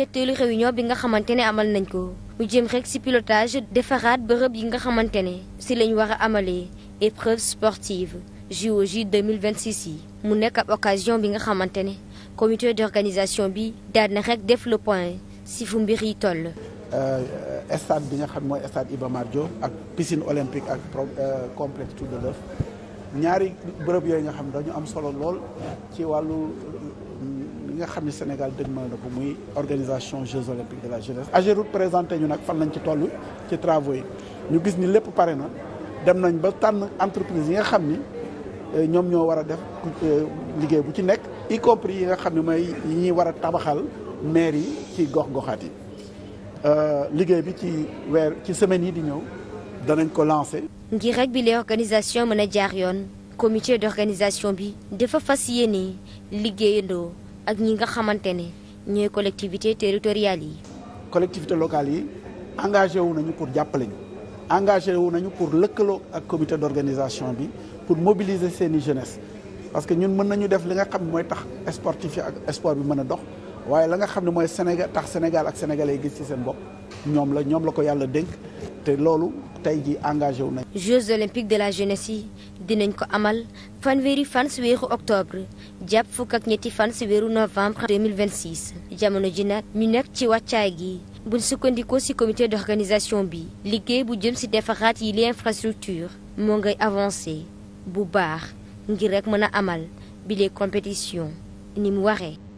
ñetteelu réunion bi nga xamante ne amal nañ ko mu jëm rek ci pilotage defaraat bërëb yi nga xamante ne si lañ war a amalee épreuve sportive JOJ 2026 yi mu nekk ab bi nga xamante ne comité d'organisation bi daal na def le point ci fu mbir yi toll euh, stade bi nga xam mooy stade Iba Mar Diop ak piscine olympique ak euh, complexe Tour de l'Oeuf ñaari bërëb yooyu nga xam dañu am solo lool ci wàllu nga xam ne Sénégal dëgmal na ko muy organisation Jeux olympiques de la jeunesse AGEROUTE présenté ñu nag fan lañ ci toll ci travaux yi ñu gis ni lépp pare na dem nañ ba tànn entreprise yi nga xam ni euh, ñoom ñoo war a def euh, liggéey bu ci nekk y compris yi nga xam ne mooy yi ñuy war a tabaxal maire yi ci gox-goxaat yi euh, liggéey bi ci weer ci semaine yi di ñëw danañ ko lancé. ngir rek bi les organisation mën a jaar yoon comité d'organisation bi dafa fas yéene ak ñi nga xamante ne ñooy collectivité territoriale yi. collectivité locale yi engagé wu nañu pour jàppale ñu engagé wu nañu pour lëkkaloo ak comité d'organisation bi pour mobiliser seeni jeunesse parce que ñun mën nañu def li nga xam mooy tax sportif yi ak sport bi mën a dox waaye la nga xam ne mooy Sénégal tax Sénégal ak sénégalais gis ci seen bopp ñoom la ñoom la ko yàlla dénk. te loolu tey ji engagé wu Jeux olympiques de la jeunesse yi dinañ ko amal fanweeri fan weeru octobre jàpp fukk ak ñetti fan si weeru novembre 2026 jamono ji nag ñu nekk ci wàccaay gi buñ sukkandikoo si comité d'organisation bi liggéey bu jëm si defaraat yi li infrastructure moo ngay avancé bu baax ngir rek mën a amal bile compétition ni mu waree